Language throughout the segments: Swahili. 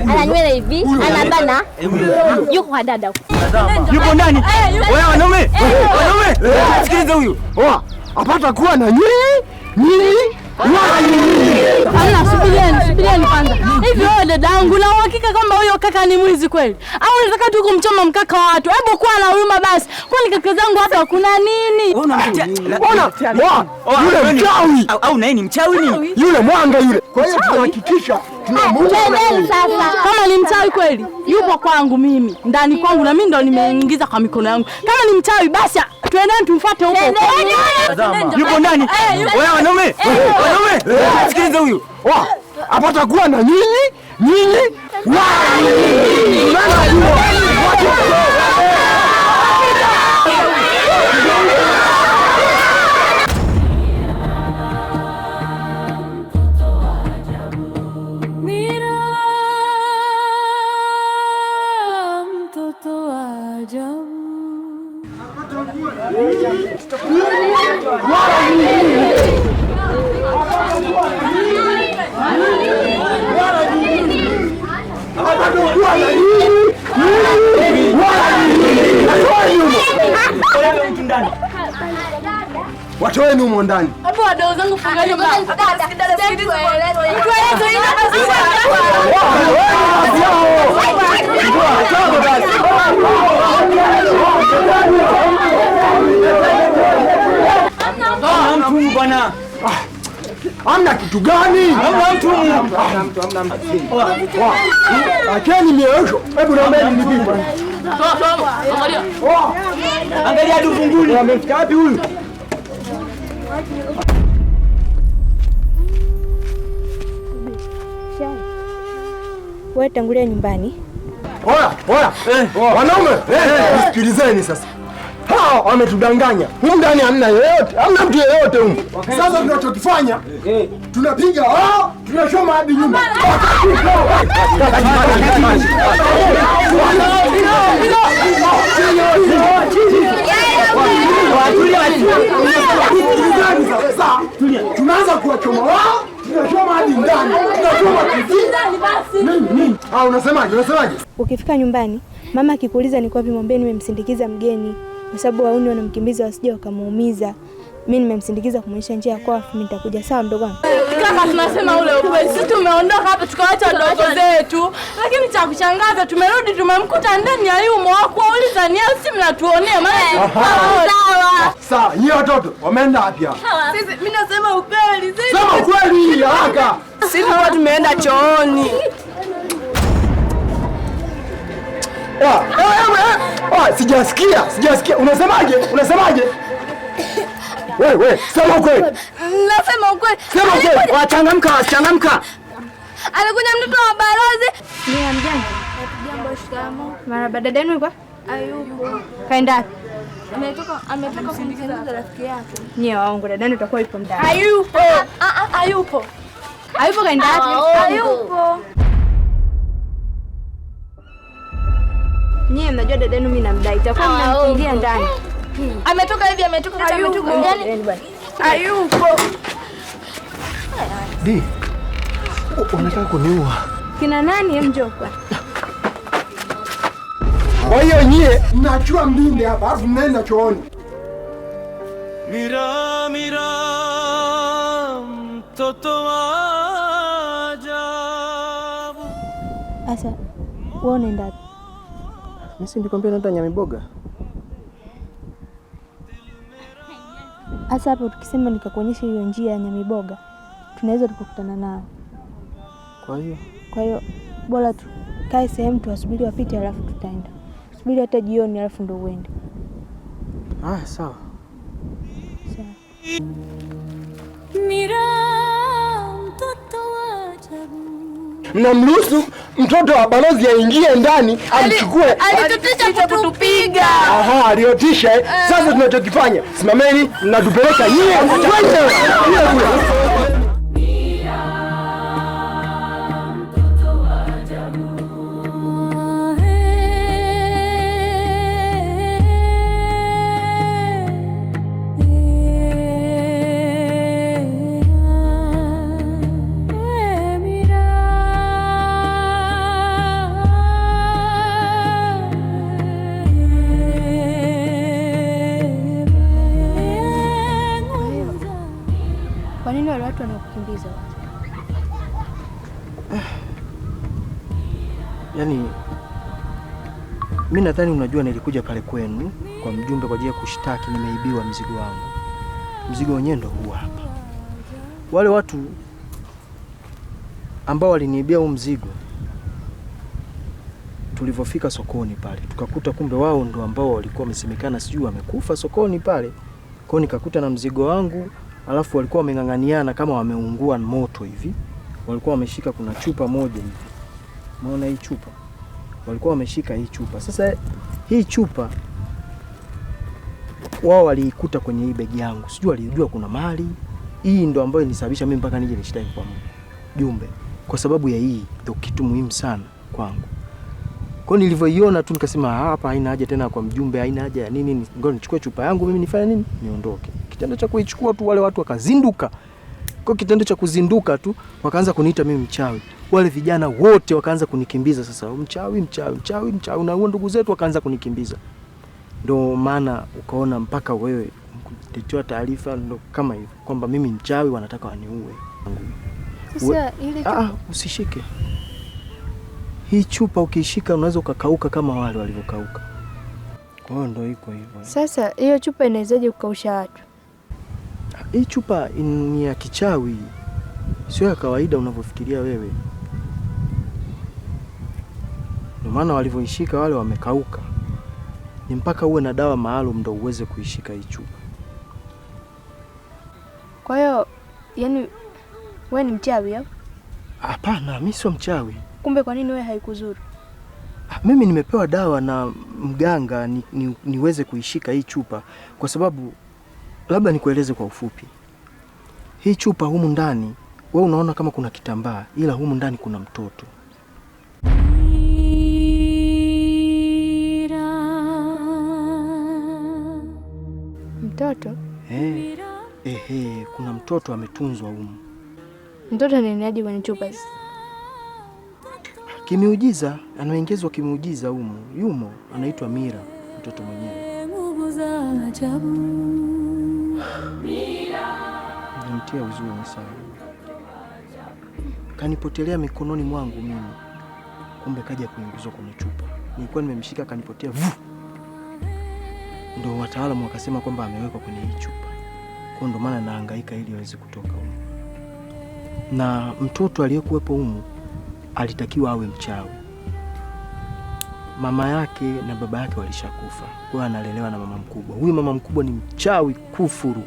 ana nywele hivi, ana bana, yuko kwa dada yuko ndani. Eh, wewe wanaume, eh, wanaume, eh. sikiliza huyu oa apata kuwa na nywele nywele ana subirieni, subirieni kwanza. Hivi wewe dadangu, na uhakika kwamba huyo kaka ni mwizi kweli, au unataka tu kumchoma mkaka wa watu? Hebu kuwa na huruma basi, kwani kaka zangu hapa kuna nini? Yule mchawi au naye ni mchawi? Yule mwanga yule. Kwa hiyo tunahakikisha Ah, Kama ni mchawi kweli, yupo kwangu mimi, ndani kwangu, na mimi ndo nimeingiza kwa mikono yangu. Kama ni mchawi basi twendeni tumfuate huko. Yupo ndani. Eh, eh. Wewe wanaume, wanaume, sikiliza huyu. Wa, hapa takuwa na nyinyi, nyinyi. Wa, Acheni mioyosho, hebu naombeni nipigwe. Angalia tu funguli. Amefika wapi huyu? Wewe tangulia nyumbani. Oya, oya. Eh. Wanaume, eh, eh. sikilizeni sasa hao wametudanganya humu ndani, hamna yeyote, hamna mtu yeyote humu. Sasa tunachokifanya eh, eh. tunapiga hao, ah, tunashoma hadi nyumba. Tunaanza kuwachoma wao, ah, Unasemaje? Unasemaje? Ukifika nyumbani, mama akikuuliza niko wapi, mwambie nimemsindikiza mgeni kwa sababu wauni wanamkimbiza wasije wakamuumiza. Mimi nimemsindikiza kumwonyesha njia ya kwao, nitakuja. Sawa mdogo wangu, kaka, tunasema ule ukweli. Sisi tumeondoka hapa tukawacha ndoto zetu, lakini cha kushangaza tumerudi, tumemkuta ndani ya yumo wakuwauliza ni au si mnatuonea maana. Eh, sawa sawa, watoto wameenda wapi hapa? Sisi mimi nasema ukweli, sema ukweli haraka. Sisi tumeenda chooni Ah, ah, ah, sijasikia, sijasikia. Unasemaje? Unasemaje? Wewe, sema ukweli. Nasema ukweli. Sema ukweli. Wachangamka, wachangamka. Alikuja mtoto wa balozi. Ni mjane. Jambo, shikamoo. Mara dada yenu kwa? Ayubu. Kaenda wapi? Ametoka, ametoka kumsindikiza rafiki yake. Nyewe waongo, dada yenu itakuwa ipo ndani. Ayupo. Ayupo. Ayupo kaenda wapi? Ayupo. Nyie mnajua dada yenu mimi namdai. Itakuwa ah, mnamfungia ndani. Ametoka hivi ametoka kati ametoka. ndani. Hayupo. Di. Unataka kuniua. Kina nani mjomba? Kwa hiyo nyie mnachua mlinde hapa alafu mnaenda chooni. Mira mira mtoto wa ajabu. Asa, wewe unaenda Nisi nilikwambia naenda Nyamiboga. Hasa hapo tukisema nikakuonyesha hiyo njia ya Nyamiboga tunaweza tukakutana nao. Kwa hiyo kwa hiyo bora tukae sehemu tuwasubiri wapite, alafu tutaenda. Subiri hata jioni, halafu ndo uende. Ah, sawa sawa. Mira mtoto wa mnamruhusu mtoto wa balozi aingie ndani amchukue. Alitutisha kutupiga. Aha, aliotisha. Sasa eh. tunachokifanya simameni, mnatupeleka yeye kwenye Kwa nini wale watu wanakukimbiza? Yaani mi nadhani unajua, nilikuja pale kwenu kwa mjumbe kwa ajili ya kushtaki, nimeibiwa mzigo wangu. Mzigo wenyewe ndo huu hapa. Wale watu ambao waliniibia huu mzigo, tulivyofika sokoni pale tukakuta kumbe wao ndo ambao walikuwa wamesemekana sijui wamekufa sokoni pale kwao, nikakuta na mzigo wangu alafu walikuwa wameng'ang'aniana kama wameungua moto hivi, walikuwa wameshika kuna chupa moja hivi, umeona hii chupa, walikuwa wameshika hii chupa. Sasa hii chupa wao waliikuta kwenye hii begi yangu, sijui walijua kuna mali hii, ndo ambayo ilisababisha mimi mpaka nije nishtaki kwa Mungu jumbe, kwa sababu ya hii ndo kitu muhimu sana kwangu. Kwa nilivyoiona tu nikasema ah, hapa haina haja tena kwa mjumbe, haina haja ya nini, ngoja nichukue chupa yangu mimi nifanye nini, niondoke kitendo cha kuichukua tu, wale watu wakazinduka. Kwa kitendo cha kuzinduka tu wakaanza kuniita mimi mchawi, wale vijana wote wakaanza kunikimbiza. Sasa oh, mchawi, mchawi, mchawi, mchawi, na huo ndugu zetu wakaanza kunikimbiza. Ndio maana ukaona mpaka wewe kutetea taarifa ndo kama hivyo kwamba mimi mchawi, wanataka waniue. Sasa ile ah, ah, usishike hii chupa, ukiishika unaweza ukakauka kama wale walivyokauka. Kwa hiyo ndio iko hivyo. Sasa hiyo chupa inawezaje kukausha watu? Hii chupa ni ya kichawi, sio ya kawaida unavyofikiria wewe. Ndio maana walivyoishika wale wamekauka, ni mpaka uwe na dawa maalum ndio uweze kuishika hii chupa. Kwa hiyo yani wewe ni mchawi au? Hapana, mimi sio mchawi. Kumbe kwa nini wewe haikuzuru? Ah, mimi nimepewa dawa na mganga ni, ni, niweze kuishika hii chupa kwa sababu Labda nikueleze kwa ufupi. Hii chupa humu ndani we unaona kama kuna kitambaa, ila humu ndani kuna mtoto. Mtoto? Eh, eh, eh, Kuna mtoto ametunzwa humu. Mtoto anaingiaje kwenye chupa? Kimiujiza, anaingizwa kimiujiza humu. Yumo, anaitwa Mira, mtoto mwenyewe. Inamtia huzuni sana, kanipotelea mikononi mwangu mimi, kumbe kaja kuingizwa kwenye chupa. Nilikuwa nimemshika kanipotea vu, ndo wataalamu wakasema kwamba amewekwa kwenye hii chupa, kwa ndo maana nahangaika ili aweze kutoka huko. Na mtoto aliyekuwepo humu alitakiwa awe mchawi mama yake na baba yake walishakufa, kwa hiyo analelewa na mama mkubwa. Huyu mama mkubwa ni mchawi kufuru,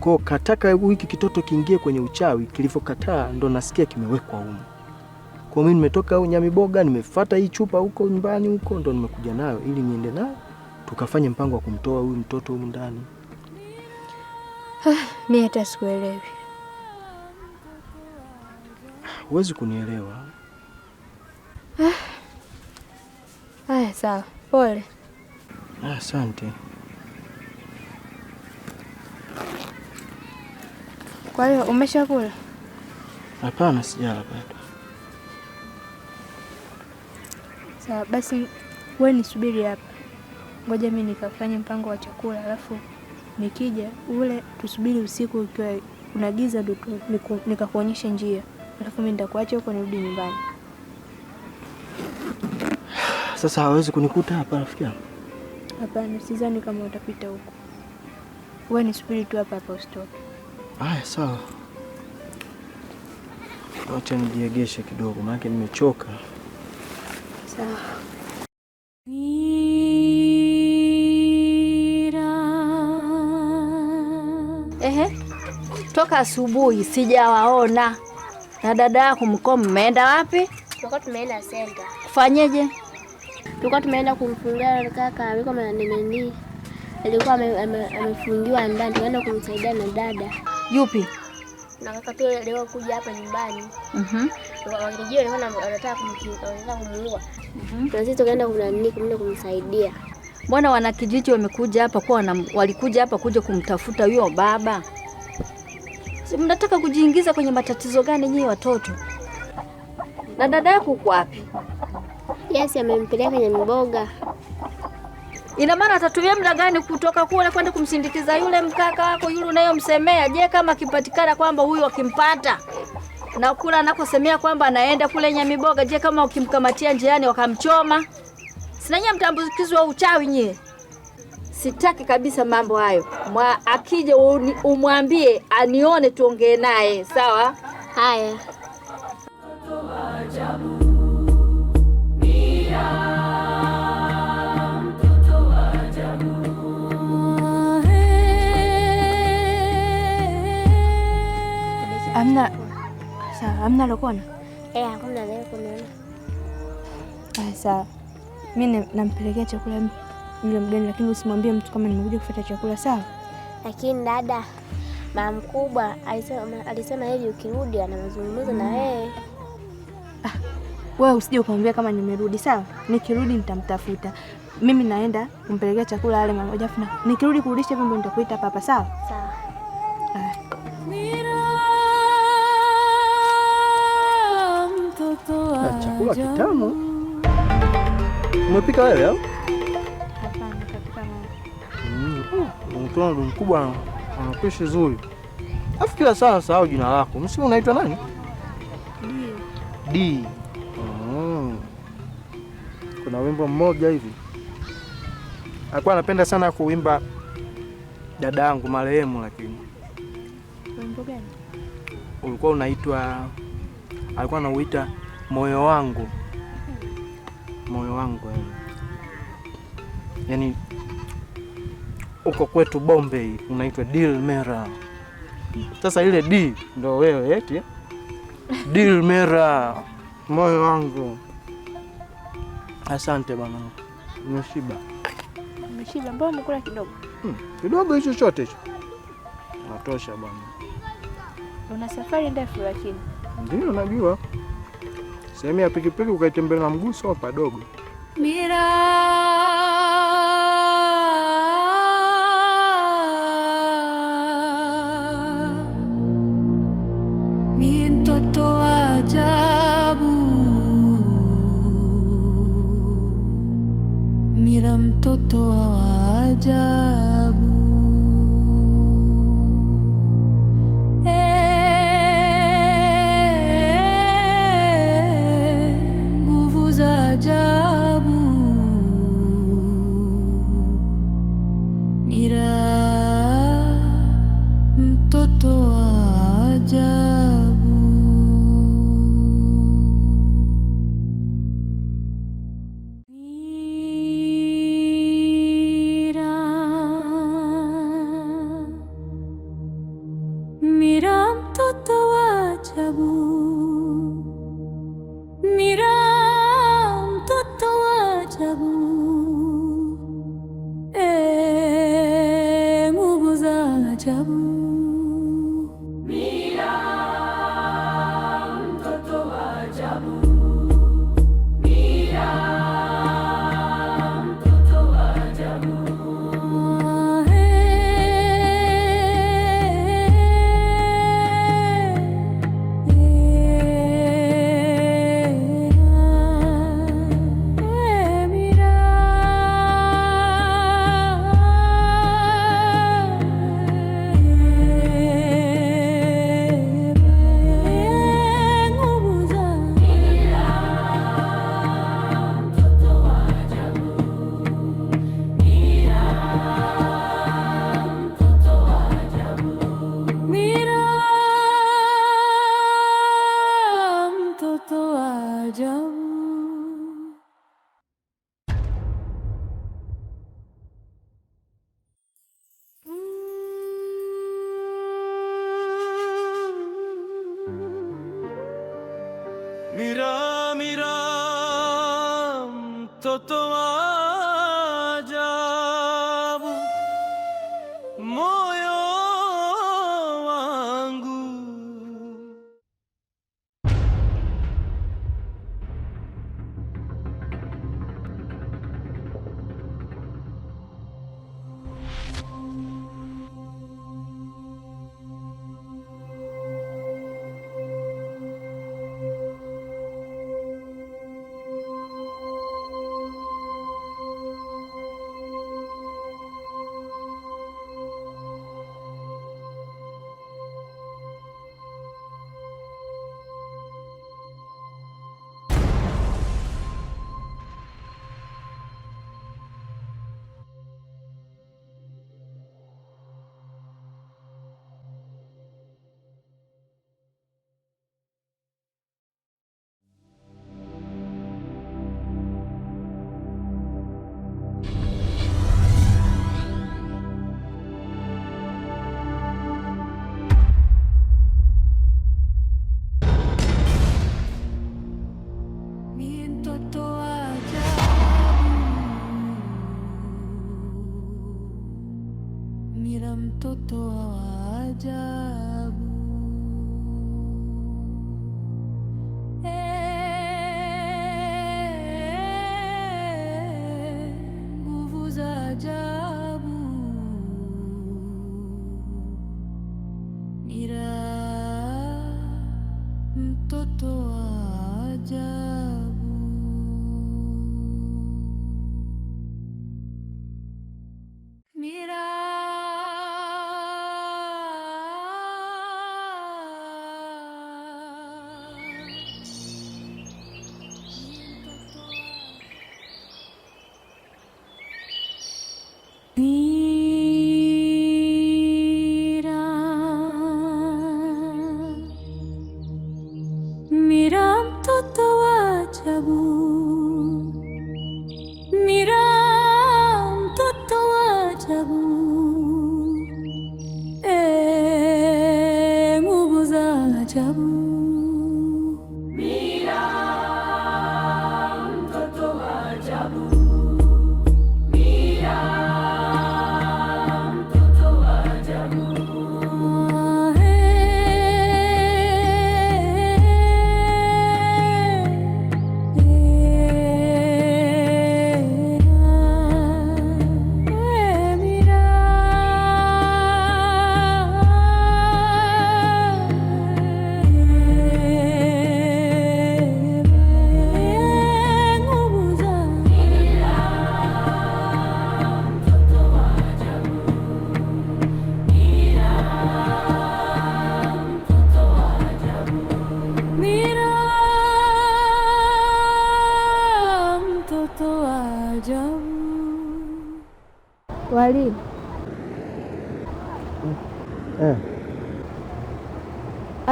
kwa kataka hiki kitoto kiingie kwenye uchawi, kilivyokataa ndo nasikia kimewekwa humu. Kwa mimi nimetoka au Nyamiboga, nimefuata hii chupa huko nyumbani huko, ndo nimekuja nayo ili niende nayo tukafanye mpango wa kumtoa huyu mtoto humu ndani. Ah, mimi hata sikuelewi. Huwezi kunielewa. Ah. Haya, sawa, pole. Ah, asante. Kwa hiyo umeshakula? Hapana, sijala bado. Sawa basi, we nisubiri hapa, ngoja mi nikafanye mpango wa chakula, alafu nikija ule, tusubiri usiku ukiwa unagiza, ndo nikakuonyesha njia, alafu mi nitakuacha huko nirudi nyumbani. Sasa hawezi kunikuta hapa rafiki yangu. Hapana, sidhani kama utapita huko. Wewe nisubiri tu hapa hapa usitoke. Haya, sawa. Wacha nijiegeshe kidogo maana nimechoka. Sawa. Toka asubuhi sijawaona. Na dada yako mko mmeenda wapi? Tumeenda senta. Kufanyeje? tulikuwa tumeenda kumfungia kaka, alikuwa amenini, alikuwa amefungiwa ndani, tukaenda kumsaidia na dada yupi na kaka pia leo kuja hapa nyumbani. Mhm. Wangejiwa alikuwa anataka kumkiuka, anataka kumuua. Mhm. Na sisi tukaenda kumnani, kumenda kumsaidia. Mbona wanakijiji wamekuja hapa kwa walikuja hapa kuja kumtafuta huyo baba? Si mnataka kujiingiza kwenye matatizo gani nyinyi watoto? Na dada yako uko wapi? kiasi amempeleka kwenye miboga. Ina maana atatumia muda gani kutoka kule kwenda kumsindikiza yule mkaka wako yule unayomsemea? Je, kama akipatikana kwamba huyu akimpata na kula anakosemea kwamba anaenda kule Nyamiboga, je, kama ukimkamatia njiani wakamchoma? Sinanyie mtambukizwa wa uchawi nyie. Sitaki kabisa mambo hayo. Akija umwambie anione, tuongee naye sawa. Haya. Hamna lokuona? Eh, hakuna anayekuona. Ah, sawa. Mimi nampelekea chakula yule mgeni, lakini usimwambie mtu kama nimekuja kufuata chakula, sawa? Lakini dada, mama mkubwa alisema alisema yeye ukirudi ana mazungumzo na wewe. Mm. Ah, wewe usije ukamwambia kama nimerudi, sawa? Nikirudi nitamtafuta. Mimi naenda kumpelekea chakula ale mama, nikirudi kurudisha vyombo nitakuita hapa hapa, sawa? Sawa. Ah. chakula kitamu. Umepika wewe au? Hapana, kapika mama. mkubwa anapishi zuri. Alafu kila saa sahau jina lako. Msimu unaitwa nani? D. D. Mm. Kuna wimbo mmoja hivi alikuwa anapenda sana kuimba dada yangu marehemu, lakini wimbo gani ulikuwa unaitwa, alikuwa anauita moyo wangu moyo wangu eh. yani, yani uko kwetu Bombay unaitwa Dil Mera. Sasa ile D ndo wewe eti Dil Mera, moyo wangu. Asante bwana, umeshiba? Umeshiba? Mbona umekula kidogo? Hmm, kidogo hicho chote hicho natosha bwana. Una safari ndefu lakini. Ndio najua sehemu ya pikipiki ukaitembelea na mguso padogo Mira আজা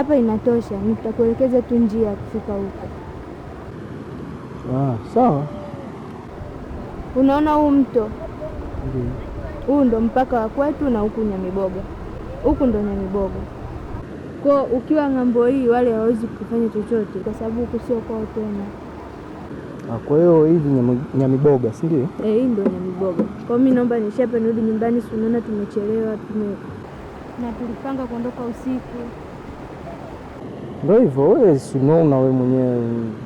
hapa inatosha, nitakuelekeza tu njia ya kufika huko. Ah, sawa. Unaona huu mto huu Ndo mpaka wa kwetu na huku Nyamiboga, huku ndo Nyamiboga kwa ukiwa ng'ambo hii wale hawawezi kufanya chochote kwa sababu huku sio kwao tena. Ah, kwa hiyo hivi Nyamiboga, si ndio? Eh, hii ndo Nyamiboga. Kwa mimi naomba nishape nirudi nyumbani, si unaona tumechelewa tume na tulipanga kuondoka usiku. Ndio hivyo wewe si unaona wewe mwenyewe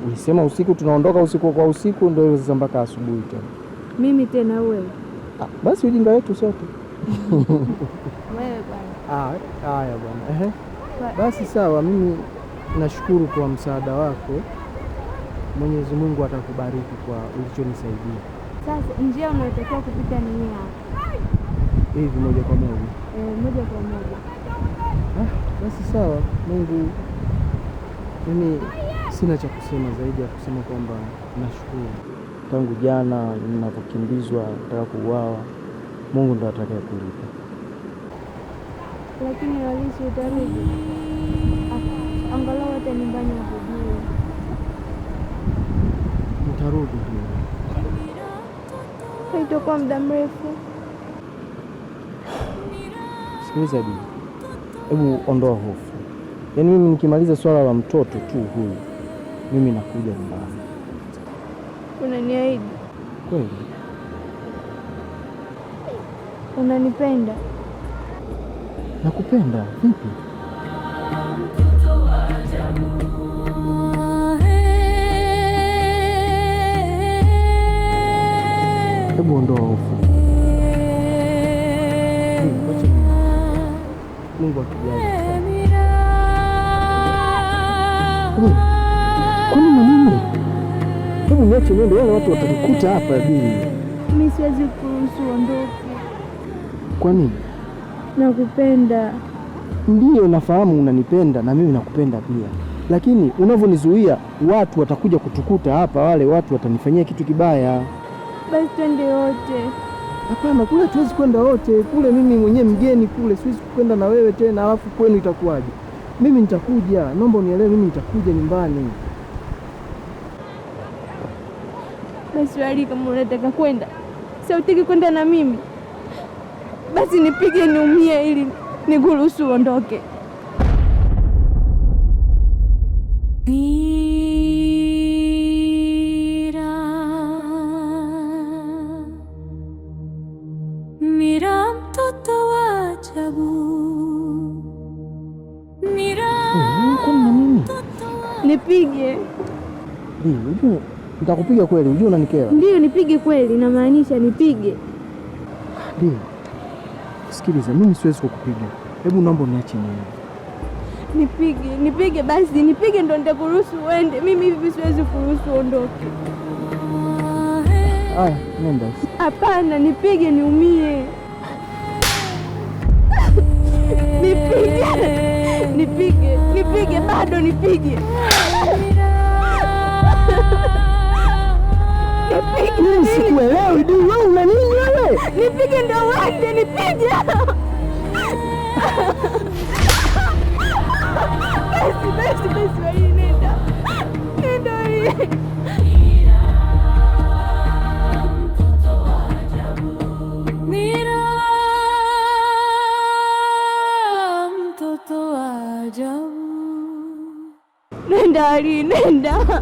ulisema usiku tunaondoka usiku kwa usiku, ndio hivyo sasa mpaka asubuhi tena. Mimi tena wewe. Ah, basi ujinga wetu sote. Wewe bwana. Ah, haya bwana. Ehe. Basi sawa, mimi nashukuru kwa msaada wako. Mwenyezi Mungu atakubariki kwa ulichonisaidia. Sasa njia unayotakiwa kupita ni hapa. Hivi moja kwa moja. Eh, moja kwa moja. Ah, basi sawa. Mungu Yaani sina cha kusema zaidi ya kusema kwamba nashukuru. Tangu jana ninapokimbizwa nataka kuuawa, Mungu ndo atakaye kulipa. Lakini walisi utarudi angalau hata nyumbani wakujue. Nitarudi, haitakuwa muda mrefu. Sikiliza Bi, hebu ondoa hofu Yaani mimi nikimaliza swala la mtoto tu huyu, mimi nakuja nyumbani. Unaniahidi kweli? Unanipenda? Nakupenda vipi? Hebu ondoa hofu. Mungu Kwani mwanini? Hebu niache niende, wale watu watanikuta hapa. Dini mimi siwezi kuruhusu ondoke. Kwa nini? Nakupenda. Ndiyo, nafahamu unanipenda na mimi nakupenda pia, lakini unavyonizuia watu watakuja kutukuta hapa, wale watu watanifanyia kitu kibaya. Basi twende wote. Hapana, kule tuwezi kwenda wote. Kule mimi mwenyewe mgeni kule, siwezi kwenda na wewe tena, alafu kwenu itakuwaje? Mimi nitakuja, naomba unielewe, mimi nitakuja nyumbani. Basi wali, kama unataka kwenda, si utaki kwenda na mimi, basi nipige niumie, ili nikuruhusu uondoke. hivi, Unajua nitakupiga kweli, unajua unanikera. Ndio nipige kweli, namaanisha nipige. Ndio. Sikiliza, mimi siwezi kukupiga. Hebu naomba uniache mimi. Nipige, nipige basi, nipige ndo nitakuruhusu uende. Mimi hivi siwezi kuruhusu uondoke. Aya, nenda. Hapana, nipige niumie. Nipige. Nipige, nipige bado nipige. Sikuelewi du, wewe una nini wewe? Nipige ndo uende, nipige Nenda, Ali, nenda.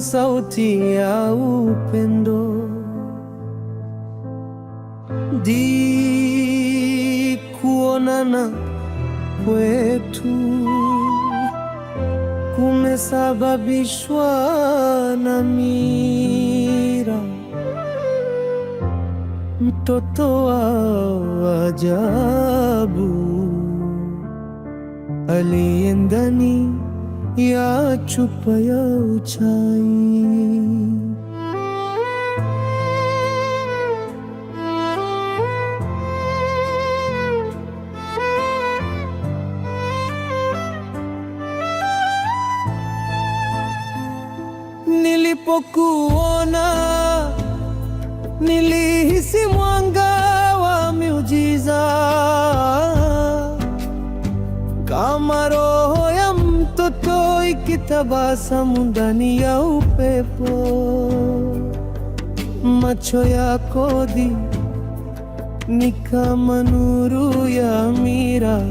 sauti ya upendo. Ndi kuonana kwetu kumesababishwa na mira, mtoto wa ajabu aliye ndani ya chupa ya uchai. Nilipokuona nilihisi mwanga wa miujiza Hiki tabasamu ndani ya upepo, macho yako di ni kama nuru ya Amira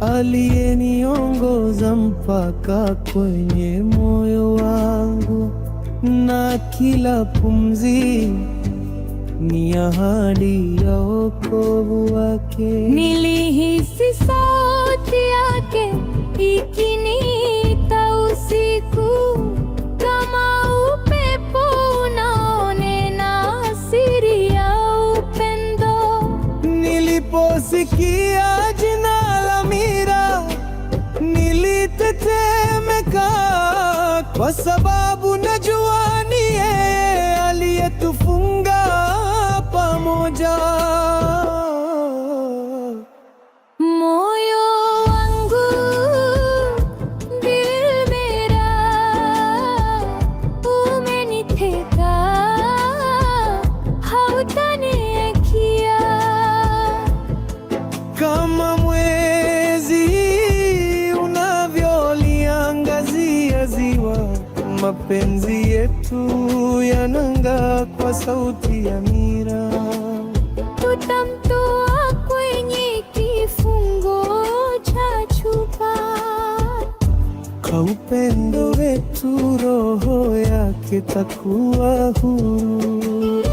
aliyeniongoza mpaka kwenye moyo wangu, na kila pumzi ni ahadi ya wokovu wake. Nilihisi sauti yake kwa sababu mapenzi yetu yananga kwa sauti ya mira. tutamtoa kwenye kifungo cha chupa. Kwa upendo wetu roho yake takuwa huru